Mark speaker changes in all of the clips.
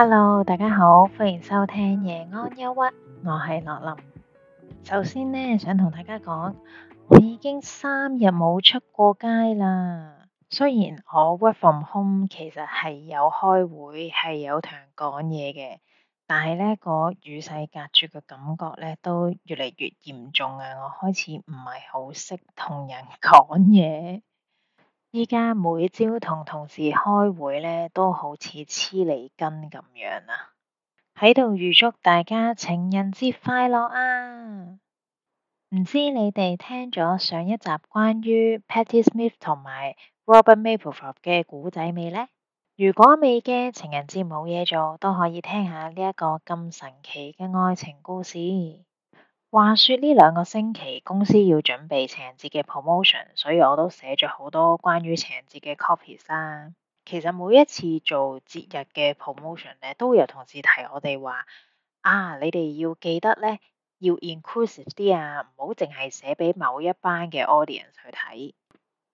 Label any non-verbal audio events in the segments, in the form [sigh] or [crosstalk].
Speaker 1: hello，大家好，歡迎收聽夜安憂鬱，yeah, word, 我係樂林。首先呢，想同大家講，我已經三日冇出過街啦。雖然我 work from home，其實係有開會，係有同人講嘢嘅，但係呢個與世隔絕嘅感覺呢，都越嚟越嚴重啊！我開始唔係好識同人講嘢。依家每朝同同事開會咧，都好似黐脷根咁樣啊。喺度預祝大家情人節快樂啊！唔知你哋聽咗上一集關於 Patti Smith 同埋 Robert Mapplethorpe 嘅古仔未呢？如果未嘅情人節冇嘢做，都可以聽下呢一個咁神奇嘅愛情故事。話說呢兩個星期公司要準備情人節嘅 promotion，所以我都寫咗好多關於情人節嘅 copy 啦。其實每一次做節日嘅 promotion 咧，都有同事提我哋話：啊，你哋要記得咧，要 inclusive 啲啊，唔好淨係寫俾某一班嘅 audience 去睇。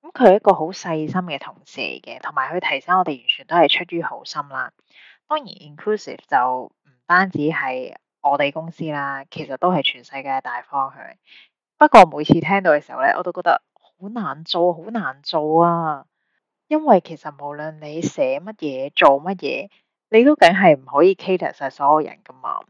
Speaker 1: 咁佢一個好細心嘅同事嘅，同埋佢提醒我哋完全都係出於好心啦。當然 inclusive 就唔單止係。我哋公司啦，其實都係全世界大方向。不過每次聽到嘅時候咧，我都覺得好難做，好難做啊！因為其實無論你寫乜嘢、做乜嘢，你都梗係唔可以 cater 晒所有人噶嘛。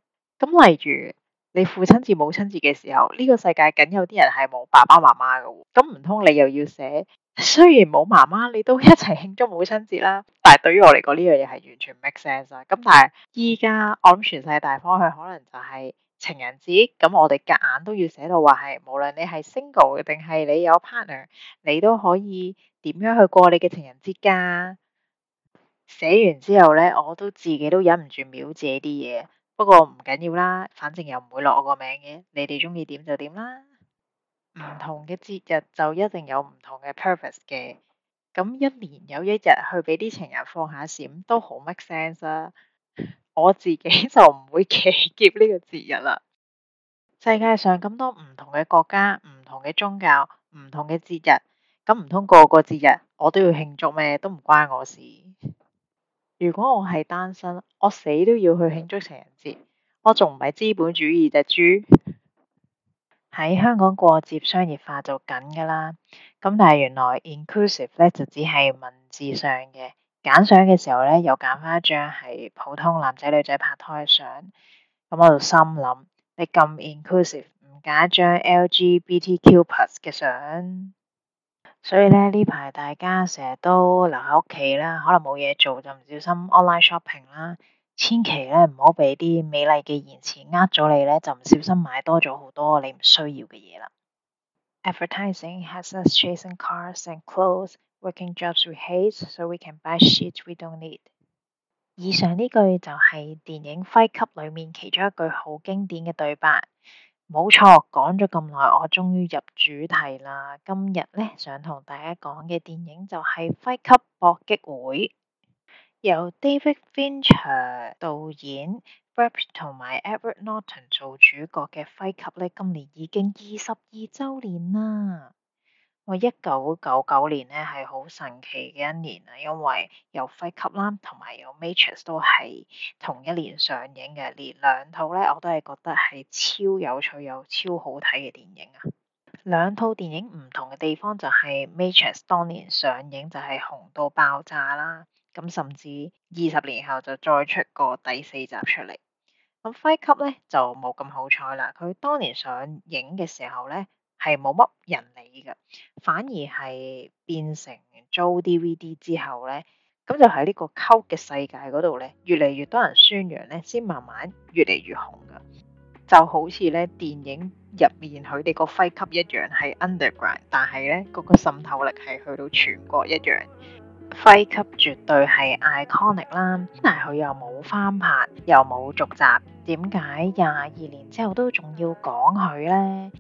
Speaker 1: 咁例如你父親節、母親節嘅時候，呢個世界梗有啲人係冇爸爸媽媽噶喎，咁唔通你又要寫？雖然冇媽媽，你都一齊慶祝母親節啦。但係對於我嚟講呢樣嘢係完全 make sense 啊。咁但係而家我諗全世界大方向可能就係情人節。咁我哋夾硬都要寫到話係，無論你係 single 定係你有 partner，你都可以點樣去過你嘅情人節噶。寫完之後咧，我都自己都忍唔住瞄自己啲嘢。不過唔緊要啦，反正又唔會落我個名嘅。你哋鍾意點就點啦。唔同嘅節日就一定有唔同嘅 purpose 嘅，咁一年有一日去畀啲情人放下閃都好 make sense 啊！我自己就唔會企劫呢個節日啦。世界上咁多唔同嘅國家、唔同嘅宗教、唔同嘅節日，咁唔通個個節日我都要慶祝咩？都唔關我事。如果我係單身，我死都要去慶祝情人節。我仲唔係資本主義隻豬？豬喺香港過節商業化就緊㗎啦，咁但係原來 inclusive 咧就只係文字上嘅，揀相嘅時候咧又揀翻一張係普通男仔女仔拍拖嘅相，咁我就心諗你咁 inclusive 唔揀一張 LGBTQ+ 嘅相，所以咧呢排大家成日都留喺屋企啦，可能冇嘢做就唔小心 online shopping 啦。千祈咧，唔好畀啲美麗嘅言辭呃咗你咧，就唔小心買多咗好多你唔需要嘅嘢啦。Advertising has us chasing cars and clothes, working jobs we hate so we can buy shit we don't need。以上呢句就係電影《Fight Club》裏面其中一句好經典嘅對白。冇錯，講咗咁耐，我終於入主題啦。今日咧，想同大家講嘅電影就係《Fight Club》搏擊會。由 David Fincher，導演，Brad 同埋 Edward Norton 做主角嘅《Fight Club》咧，今年已經二十二周年啦。我一九九九年咧，係好神奇嘅一年啊，因為有《Fight Club》啦，同埋有《Matrix》都係同一年上映嘅，連兩套咧，我都係覺得係超有趣又超好睇嘅電影啊。兩套電影唔同嘅地方就係《Matrix》當年上映就係紅到爆炸啦。咁甚至二十年後就再出個第四集出嚟。咁《Fight Club》咧就冇咁好彩啦。佢當年上映嘅時候咧係冇乜人理嘅，反而係變成租 DVD 之後咧，咁就喺呢個 cult 嘅世界嗰度咧，越嚟越多人宣揚咧，先慢慢越嚟越紅噶。就好似咧電影入面佢哋個 Fight Club 一樣，係 underground，但係咧嗰個滲透力係去到全國一樣。Fight Club 絕對係 iconic 啦，但係佢又冇翻拍，又冇續集，點解廿二年之後都仲要講佢呢？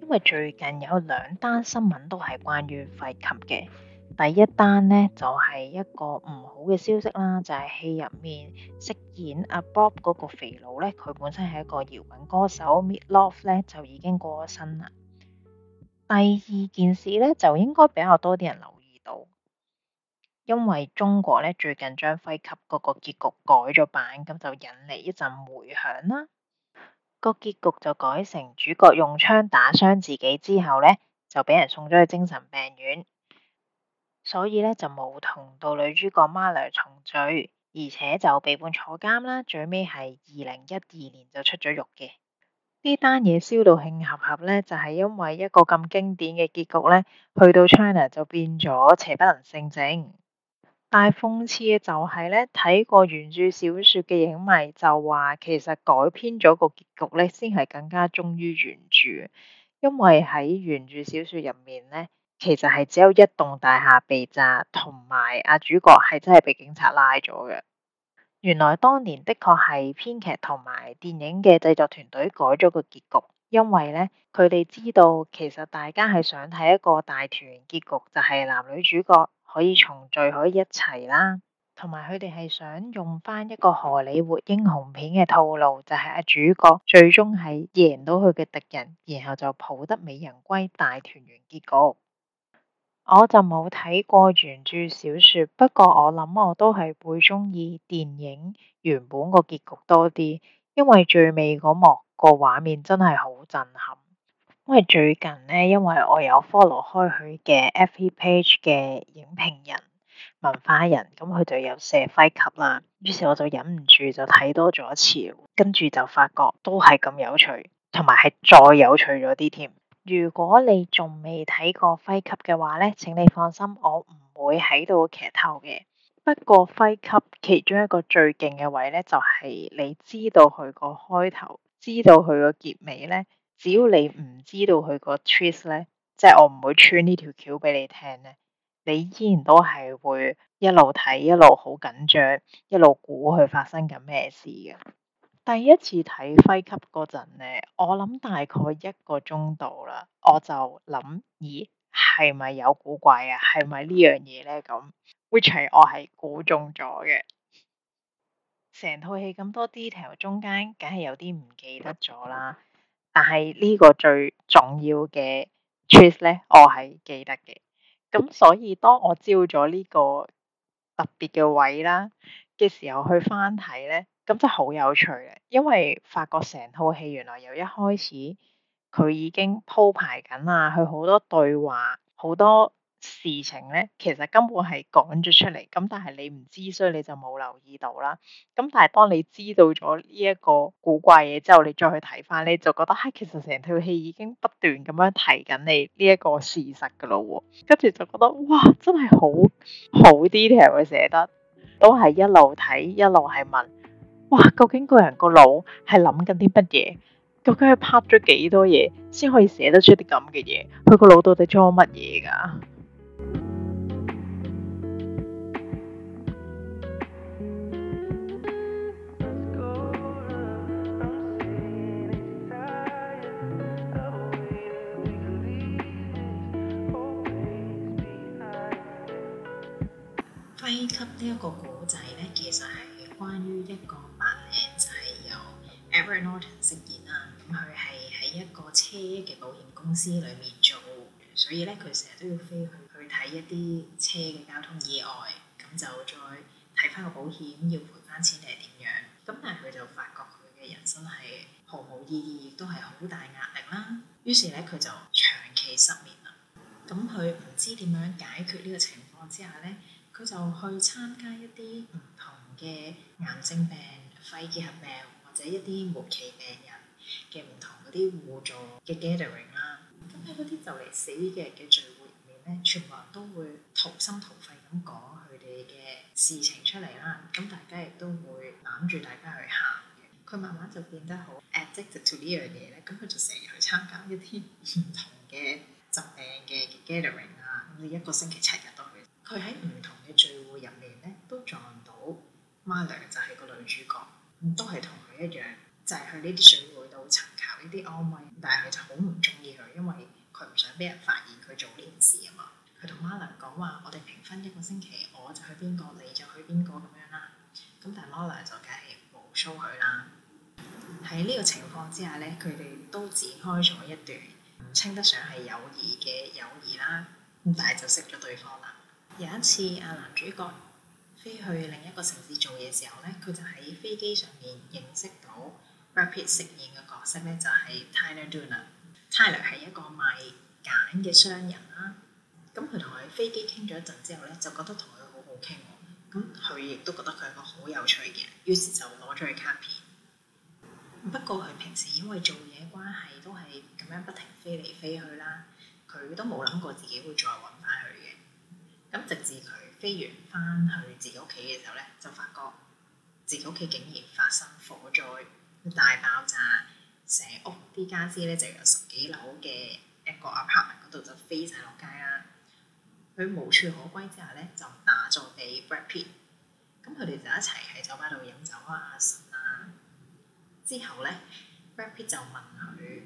Speaker 1: 因為最近有兩單新聞都係關於 Fight Club 嘅。第一單呢，就係一個唔好嘅消息啦，就係戲入面飾演阿 Bob 嗰個肥佬呢，佢本身係一個搖滾歌手，Meat Loaf 呢，就已經過咗身啦。第二件事呢，就應該比較多啲人留意到，因為中國呢，最近將《Fight Club》嗰個結局改咗版，咁就引嚟一陣迴響啦。個結局就改成主角用槍打傷自己之後呢，就俾人送咗去精神病院。所以咧就冇同到女主角媽孃重聚，而且就被判坐監啦。最尾係二零一二年就出咗獄嘅。呢單嘢燒到㷫烚烚咧，就係、是、因為一個咁經典嘅結局咧，去到 China 就變咗邪不能勝正。但係諷刺嘅就係咧，睇過原著小說嘅影迷就話，其實改編咗個結局咧，先係更加忠於原著，因為喺原著小說入面咧。其實係只有一棟大廈被炸，同埋阿主角係真係被警察拉咗嘅。原來當年的確係編劇同埋電影嘅製作團隊改咗個結局，因為咧佢哋知道其實大家係想睇一個大團圓結局，就係、是、男女主角可以重聚可以一齊啦，同埋佢哋係想用翻一個荷里活英雄片嘅套路，就係、是、阿主角最終係贏到佢嘅敵人，然後就抱得美人歸，大團圓結局。我就冇睇過原著小說，不過我諗我都係會鍾意電影原本個結局多啲，因為最尾嗰幕個畫面真係好震撼。因為最近咧，因為我有 follow 開佢嘅 FB page 嘅影評人、文化人，咁佢就有寫輝級啦，於是我就忍唔住就睇多咗一次，跟住就發覺都係咁有趣，同埋係再有趣咗啲添。如果你仲未睇過 Fight Club 嘅話咧，請你放心，我唔會喺度劇透嘅。不過 Fight Club 其中一個最勁嘅位咧，就係、是、你知道佢個開頭，知道佢個結尾咧，只要你唔知道佢個 twist 咧，即係我唔會穿呢條橋俾你聽咧，你依然都係會一路睇，一路好緊張，一路估佢發生緊咩事嘅。第一次睇 Fight Club 嗰陣呢，我諗大概一個鐘度啦，我就諗，咦，係咪有古怪啊？係咪呢樣嘢呢？咁，which 係我係估中咗嘅。成套戲咁多 detail，中間梗係有啲唔記得咗啦。但係呢個最重要嘅 truth 呢，我係記得嘅。咁所以當我招咗呢個特別嘅位啦嘅時候，去翻睇呢。咁真係好有趣嘅，因為發覺成套戲原來由一開始佢已經鋪排緊喇，佢好多對話，好多事情咧，其實根本係講咗出嚟，咁但係你唔知，所以你就冇留意到啦。咁但係當你知道咗呢一個古怪嘢之後，你再去睇翻，你就覺得嚇、啊，其實成套戲已經不斷咁樣提緊你呢一個事實㗎喇喎，跟住就覺得哇，真係好好 detail 嘅寫得，都係一路睇一路係問。哇！究竟個人個腦係諗緊啲乜嘢？究竟佢拍咗幾多嘢先可以寫得出啲咁嘅嘢？佢個腦到底裝乜嘢㗎？批級呢一個古仔咧，其實係關於一個。Norton 飾演啦，咁佢係喺一個車嘅保險公司裏面做，所以咧佢成日都要飛去去睇一啲車嘅交通意外，咁就再睇翻個保險要賠翻錢定係點樣。咁但係佢就發覺佢嘅人生係毫無意義，亦都係好大壓力啦。於是咧佢就長期失眠啦。咁佢唔知點樣解決呢個情況之下咧，佢就去參加一啲唔同嘅癌症病、肺結核病。或者一啲末期病人嘅唔同嗰啲互助嘅 gathering 啦，咁喺嗰啲就嚟死嘅嘅聚會入面咧，全部人都會掏心掏肺咁講佢哋嘅事情出嚟啦。咁大家亦都會攬住大家去喊嘅。佢慢慢就變得好 addicted to 呢樣嘢咧，咁佢就成日去參加一啲唔同嘅疾病嘅 gathering 啦，咁，甚至一個星期七日都去。佢喺唔同嘅聚會入面咧，都撞到媽咪，就係個女主角。都係同佢一樣，就係去呢啲水會度尋求呢啲安慰，但係佢就好唔中意佢，因為佢唔想俾人發現佢做呢件事啊嘛。佢同 Marla 講話，我哋平分一個星期，我就去邊個，你就去邊個咁樣啦。咁但係 Marla 就梗係無蘇佢啦。喺呢個情況之下咧，佢哋都展開咗一段稱得上係友誼嘅友誼啦，但係就識咗對方啦。有一次，阿男主角。飛去另一個城市做嘢時候咧，佢就喺飛機上面認識到 Rapid 飾演嘅角色咧，就係、是、Tyler Durden。Tyler 係一個賣梘嘅商人啦。咁佢同佢喺飛機傾咗一陣之後咧，就覺得同佢好好傾喎。咁佢亦都覺得佢係個好有趣嘅，於是就攞咗去卡片。不過佢平時因為做嘢關係都係咁樣不停飛嚟飛去啦，佢都冇諗過自己會再揾翻佢嘅。咁直至佢。飛完翻去自己屋企嘅時候咧，就發覺自己屋企竟然發生火災、大爆炸，成屋啲家私咧就有十幾樓嘅一個 apartment 嗰度就飛晒落街啦。佢無處可歸之後咧，就打咗俾 Brad Pitt，咁佢哋就一齊喺酒吧度飲酒啊、呻啊。之後咧，Brad Pitt 就問佢：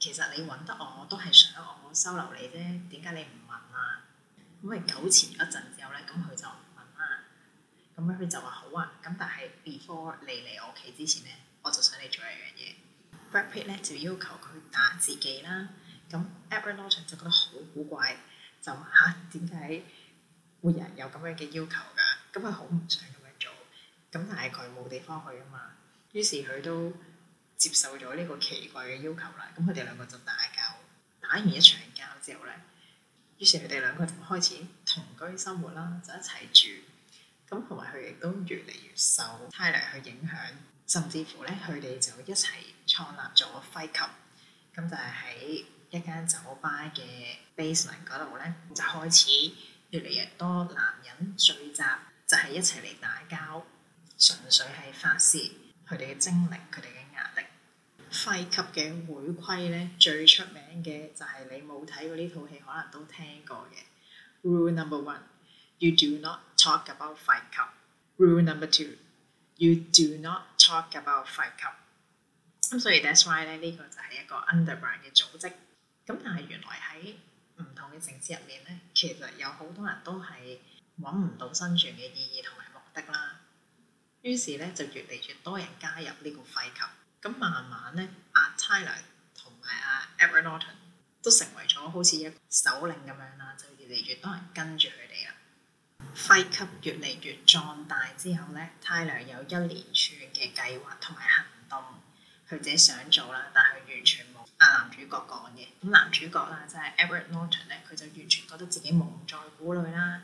Speaker 1: 其實你揾得我都係想我收留你啫，點解你唔問啊？咁咪久前嗰陣之後咧，咁佢就問啦，咁佢就話好啊，咁但係 before 你嚟我屋企之前咧，我就想你做一樣嘢。Brad Pitt 咧就要求佢打自己啦，咁 Edward Norton 就覺得好古怪，就嚇，點解會有人有咁樣嘅要求噶？咁佢好唔想咁樣做，咁但係佢冇地方去啊嘛，於是佢都接受咗呢個奇怪嘅要求啦。咁佢哋兩個就打交，打完一場交之後咧。於是佢哋兩個就開始同居生活啦，就一齊住。咁同埋佢亦都越嚟越受 t 泰尼去影響，甚至乎咧，佢哋就一齊創立咗 Fight l u 咁就係喺一間酒吧嘅 basement 度咧，就開始越嚟越多男人聚集，就係、是、一齊嚟打交，純粹係發洩佢哋嘅精力，佢哋嘅。Fight Club 嘅會規咧，最出名嘅就係你冇睇過呢套戲，可能都聽過嘅。Rule number one, you do not talk about Fight Club。Rule number two, you do not talk about Fight Club，so。咁所以，That's why 咧，呢個就係一個 underground 嘅組織。咁但係原來喺唔同嘅城市入面咧，其實有好多人都係揾唔到生存嘅意義同埋目的啦。於是咧，就越嚟越多人加入呢個 Fight Club。咁慢慢咧，阿 Tyler 同埋阿 Edward Norton 都成為咗好似一首領咁樣啦，就越嚟越多人跟住佢哋啊。Fight Club 越嚟越壯大之後咧，Tyler 有一連串嘅計劃同埋行動，佢自己想做啦，但係完全冇阿男主角講嘅。咁男主角啊，就係 Edward Norton 咧，佢就完全覺得自己蒙在鼓裏啦。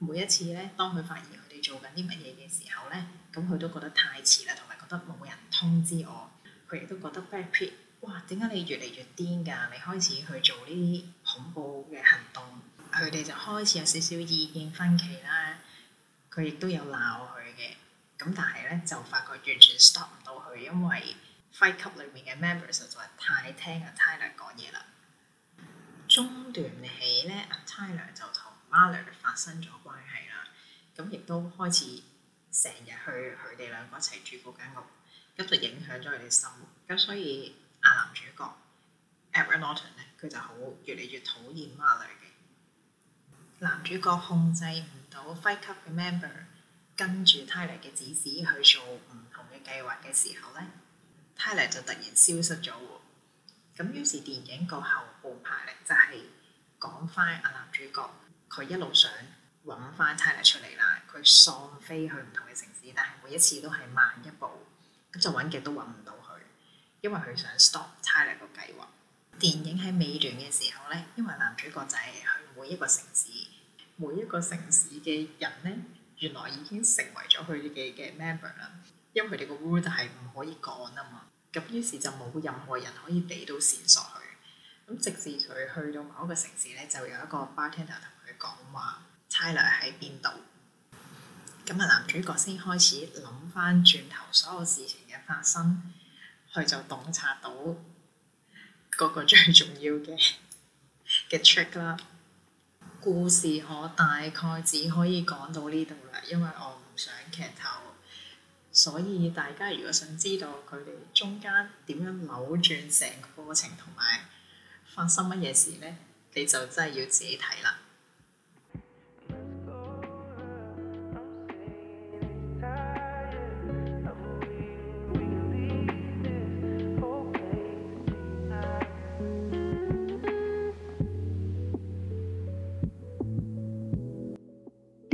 Speaker 1: 每一次咧，當佢發現佢哋做緊啲乜嘢嘅時候咧，咁佢都覺得太遲啦，同埋覺得冇人通知我。佢亦都覺得 Black Pete，哇！點解你越嚟越癲㗎？你開始去做呢啲恐怖嘅行動，佢哋就開始有少少意見分歧啦。佢亦都有鬧佢嘅，咁但係咧就發覺完全 stop 唔到佢，因為 Fight Club 裏面嘅 members 實在太聽阿 Tyler 講嘢啦。中段起咧，阿 Tyler 就同 Marler 發生咗關係啦，咁亦都開始成日去佢哋兩個一齊住嗰間屋。一直影響咗佢哋生活，咁所以阿男主角 Edward Norton 咧，佢就好越嚟越討厭孖女嘅。男主角控制唔到 Fight Club 嘅 Member，跟住 Tyler 嘅指示去做唔同嘅計劃嘅時候咧 [laughs] ，Tyler 就突然消失咗喎。咁於是電影個後半排咧，就係講翻阿男主角，佢一路想揾翻 Tyler 出嚟啦，佢喪飛去唔同嘅城市，但係每一次都係慢一步。咁就揾極都揾唔到佢，因為佢想 stop 差劣個計劃。電影喺尾段嘅時候咧，因為男主角就係去每一個城市，每一個城市嘅人咧，原來已經成為咗佢嘅嘅 member 啦。因為佢哋個 r u l d 係唔可以講啊嘛。咁於是就冇任何人可以俾到線索佢。咁直至佢去到某一個城市咧，就有一個 bartender 同佢講話，差劣喺邊度。咁啊，男主角先開始諗翻轉頭所有事情嘅發生，佢就洞察到嗰個最重要嘅嘅 [laughs] trick 啦。故事我大概只可以講到呢度啦，因為我唔想劇透。所以大家如果想知道佢哋中間點樣扭轉成個過程，同埋發生乜嘢事咧，你就真係要自己睇啦。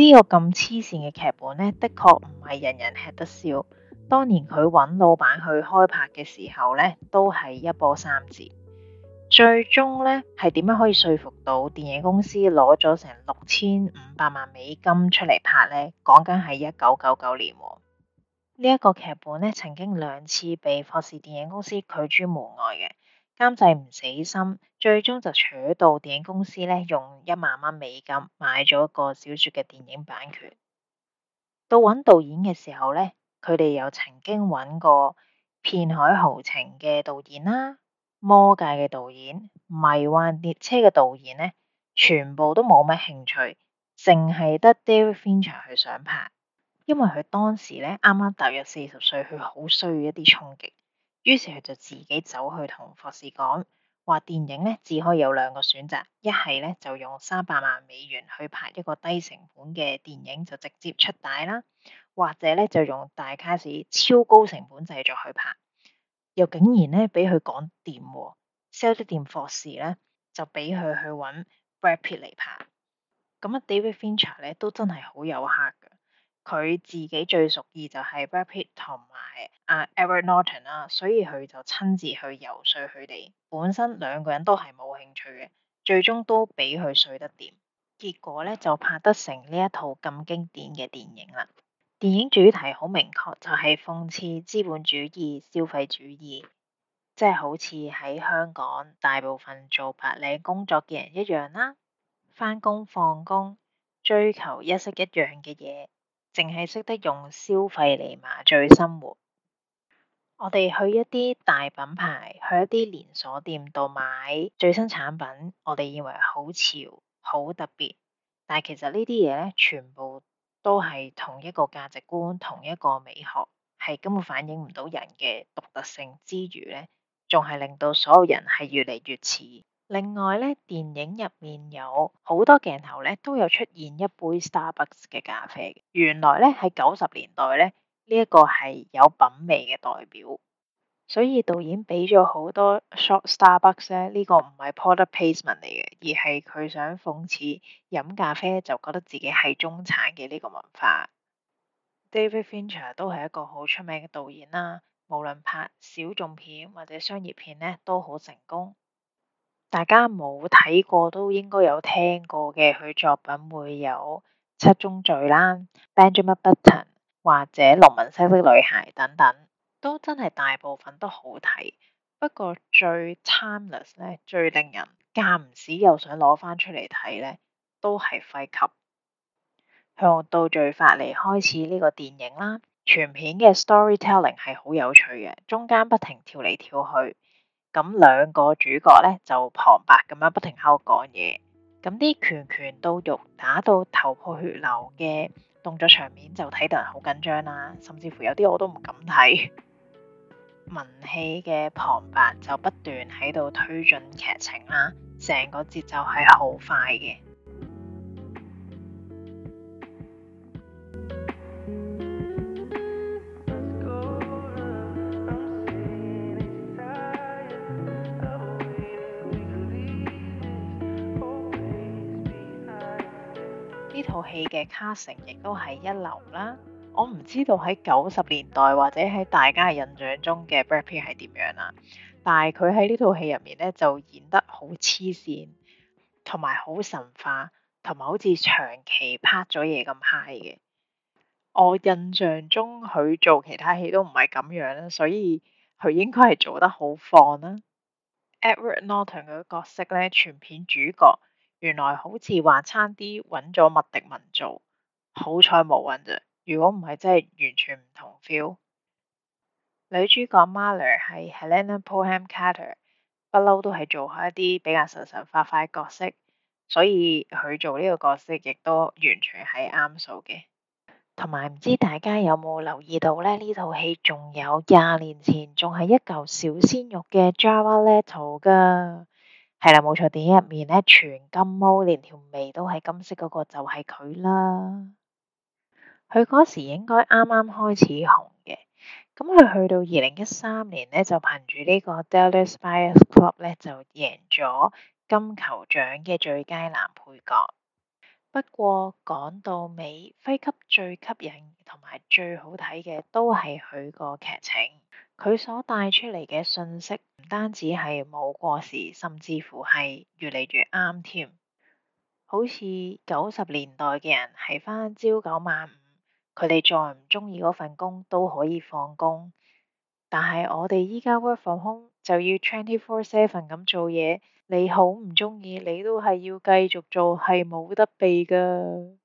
Speaker 1: 呢個咁黐線嘅劇本呢，的確唔係人人吃得笑。當年佢揾老闆去開拍嘅時候呢，都係一波三折。最終呢，係點樣可以說服到電影公司攞咗成六千五百萬美金出嚟拍呢？講緊係一九九九年喎。呢、這、一個劇本呢，曾經兩次被霍士電影公司拒之門外嘅。監製唔死心，最終就娶到電影公司咧，用一萬蚊美金買咗個小說嘅電影版權。到揾導演嘅時候咧，佢哋又曾經揾過《片海豪情》嘅導演啦，《魔界》嘅導演，《迷幻列車》嘅導演咧，全部都冇乜興趣，淨係得 David Fincher 去上拍，因為佢當時咧啱啱踏入四十歲，佢好需要一啲衝擊。於是佢就自己走去同霍士講，話電影咧只可以有兩個選擇，一係咧就用三百萬美元去拍一個低成本嘅電影就直接出帶啦，或者咧就用大卡士超高成本製作去拍，又竟然咧畀佢講掂喎，sell 得掂霍士咧就畀佢去揾 Brad Pitt 嚟拍，咁啊 David Fincher 咧都真係好有客㗎，佢自己最熟意就係 Brad Pitt 同埋，阿 Edward Norton 啦，所以佢就親自去遊說佢哋。本身兩個人都係冇興趣嘅，最終都俾佢睡得掂，結果咧就拍得成呢一套咁經典嘅電影啦。電影主題好明確，就係諷刺資本主義、消費主義，即係好似喺香港大部分做白領工作嘅人一樣啦，翻工放工，追求一式一樣嘅嘢，淨係識得用消費嚟麻醉生活。我哋去一啲大品牌，去一啲連鎖店度買最新產品，我哋認為好潮、好特別。但係其實呢啲嘢咧，全部都係同一個價值觀、同一個美學，係根本反映唔到人嘅獨特性之餘咧，仲係令到所有人係越嚟越似。另外咧，電影入面有好多鏡頭咧，都有出現一杯 Starbucks 嘅咖啡。原來咧，喺九十年代咧。呢一個係有品味嘅代表，所以導演畀咗好多 short Starbucks，呢個唔係 product placement 嚟嘅，而係佢想諷刺飲咖啡就覺得自己係中產嘅呢個文化。David Fincher 都係一個好出名嘅導演啦，無論拍小眾片或者商業片呢都好成功。大家冇睇過都應該有聽過嘅，佢作品會有七宗罪啦，Benjamin Button，或者農民、西部女孩等等，都真係大部分都好睇。不過最 timeless 咧，最令人間唔時又想攞翻出嚟睇咧，都係《廢級向到最法》嚟開始呢個電影啦。全片嘅 storytelling 係好有趣嘅，中間不停跳嚟跳去，咁兩個主角咧就旁白咁樣不停喺度講嘢，咁啲拳拳到肉，打到頭破血流嘅。動作場面就睇到人好緊張啦，甚至乎有啲我都唔敢睇。 [laughs] 文戲嘅旁白就不斷喺度推進劇情啦，成個節奏係好快嘅。戲嘅 casting 亦都係一流啦。我唔知道喺九十年代或者喺大家印象中嘅 Brad Pitt 係點樣啦，但係佢喺呢套戲入面咧就演得好黐線，同埋好神化，同埋好似長期拍咗嘢咁嗨嘅。我印象中佢做其他戲都唔係咁樣啦，所以佢應該係做得好放啦。Edward Norton 嘅角色咧，全片主角。原來好似話差啲揾咗麥迪文做，好彩冇揾啫。如果唔係，真係完全唔同 feel。女主角 Marla 係 Helena Bonham Carter，不嬲都係做開一啲比較神神化化嘅角色，所以佢做呢個角色亦都完全係啱數嘅。同埋唔知大家有冇留意到咧？呢套戲仲有廿年前仲係一嚿小鮮肉嘅 Jared Leto 噶。係啦，冇錯，電影入面咧，全金毛，連條眉都係金色，嗰個就係佢啦。佢嗰時應該啱啱開始紅嘅，咁佢去到二零一三年咧，就憑住呢個 Dallas Buyers Club 咧，就贏咗金球獎嘅最佳男配角。不過講到尾，輝吸最吸引同埋最好睇嘅，都係佢個劇情，佢所帶出嚟嘅信息。唔單止係冇過時，甚至乎係越嚟越啱添。好似九十年代嘅人係返朝九晚五，佢哋再唔鍾意嗰份工都可以放工。但係我哋依家 work from home，就要 twenty four seven 咁做嘢，你好唔鍾意你都係要繼續做，係冇得避㗎。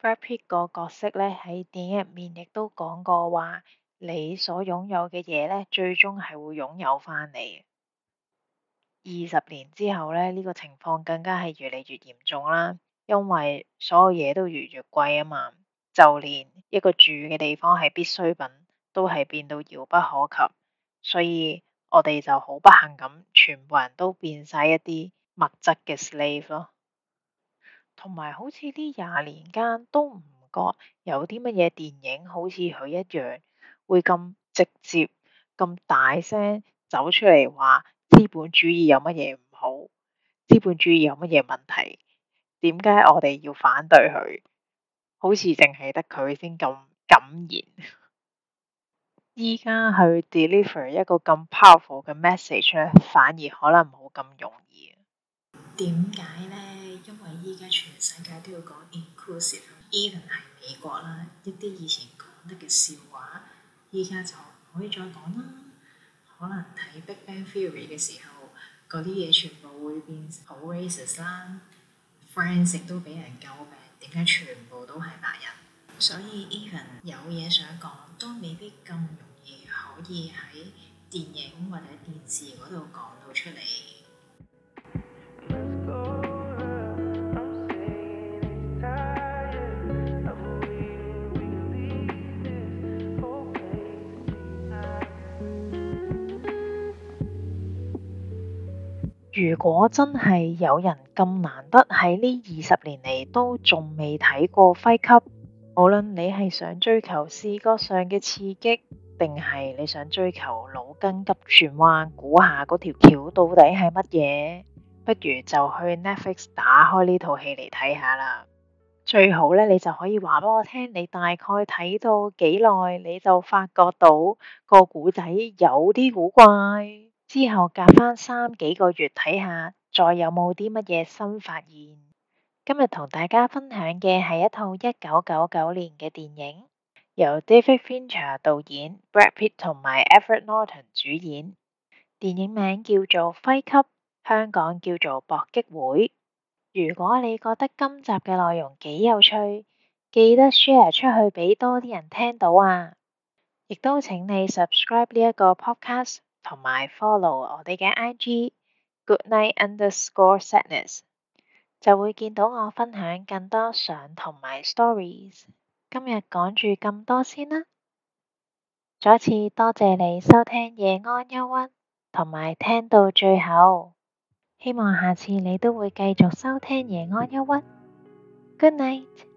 Speaker 1: Brad Pitt 個角色咧，喺電影入面亦都講過話。你所擁有嘅嘢咧，最終係會擁有翻嚟。二十年之後咧，呢個情況更加係越嚟越嚴重啦，因為所有嘢都越嚟越貴啊嘛，就連一個住嘅地方係必需品，都係變到遙不可及。所以我哋就好不幸咁，全部人都變晒一啲物質嘅 slave 咯。同埋好似呢廿年間都唔覺有啲乜嘢電影好似佢一樣。會咁直接咁大聲走出嚟，話資本主義有乜嘢唔好，資本主義有乜嘢問題？點解我哋要反對佢？好似淨係得佢先咁敢言，依家去 deliver 一個咁 powerful 嘅 message，反而可能冇咁容易。點解咧？因為依家全世界都要講 inclusive，even 係美國啦，一啲以前講得嘅笑話。依家就唔可以再講啦。可能睇 Big Bang Theory 嘅時候，嗰啲嘢全部會變好 racist 啦。Friends 亦都俾人詬病，點解全部都係白人？所以 even 有嘢想講，都未必咁容易可以喺電影或者電視嗰度講到出嚟。如果真係有人咁難得喺呢二十年嚟，都仲未睇過 Fight Club，無論你係想追求視覺上嘅刺激，定係你想追求腦筋急轉彎，估下嗰條橋到底係乜嘢，不如就去 Netflix 打開呢套戲嚟睇下啦。最好咧，你就可以話俾我聽，你大概睇到幾耐，你就發覺到個古仔有啲古怪。之後隔返三幾個月睇下，再有冇啲乜嘢新發現。今日同大家分享嘅係一套一九九九年嘅電影，由 David Fincher 導演，Brad Pitt 同埋 Edward Norton 主演。電影名叫做《Fight Club》，香港叫做《搏擊會》。如果你覺得今集嘅內容幾有趣，記得 share 出去俾多啲人聽到啊！亦都請你 subscribe 呢一個 podcast。同埋 follow 我哋嘅 IG Goodnight Underscore Sadness，就會見到我分享更多相同埋 stories。今日講住咁多先啦。再次多謝你收聽夜安憂鬱，同埋聽到最後，希望下次你都會繼續收聽夜安憂鬱。Goodnight。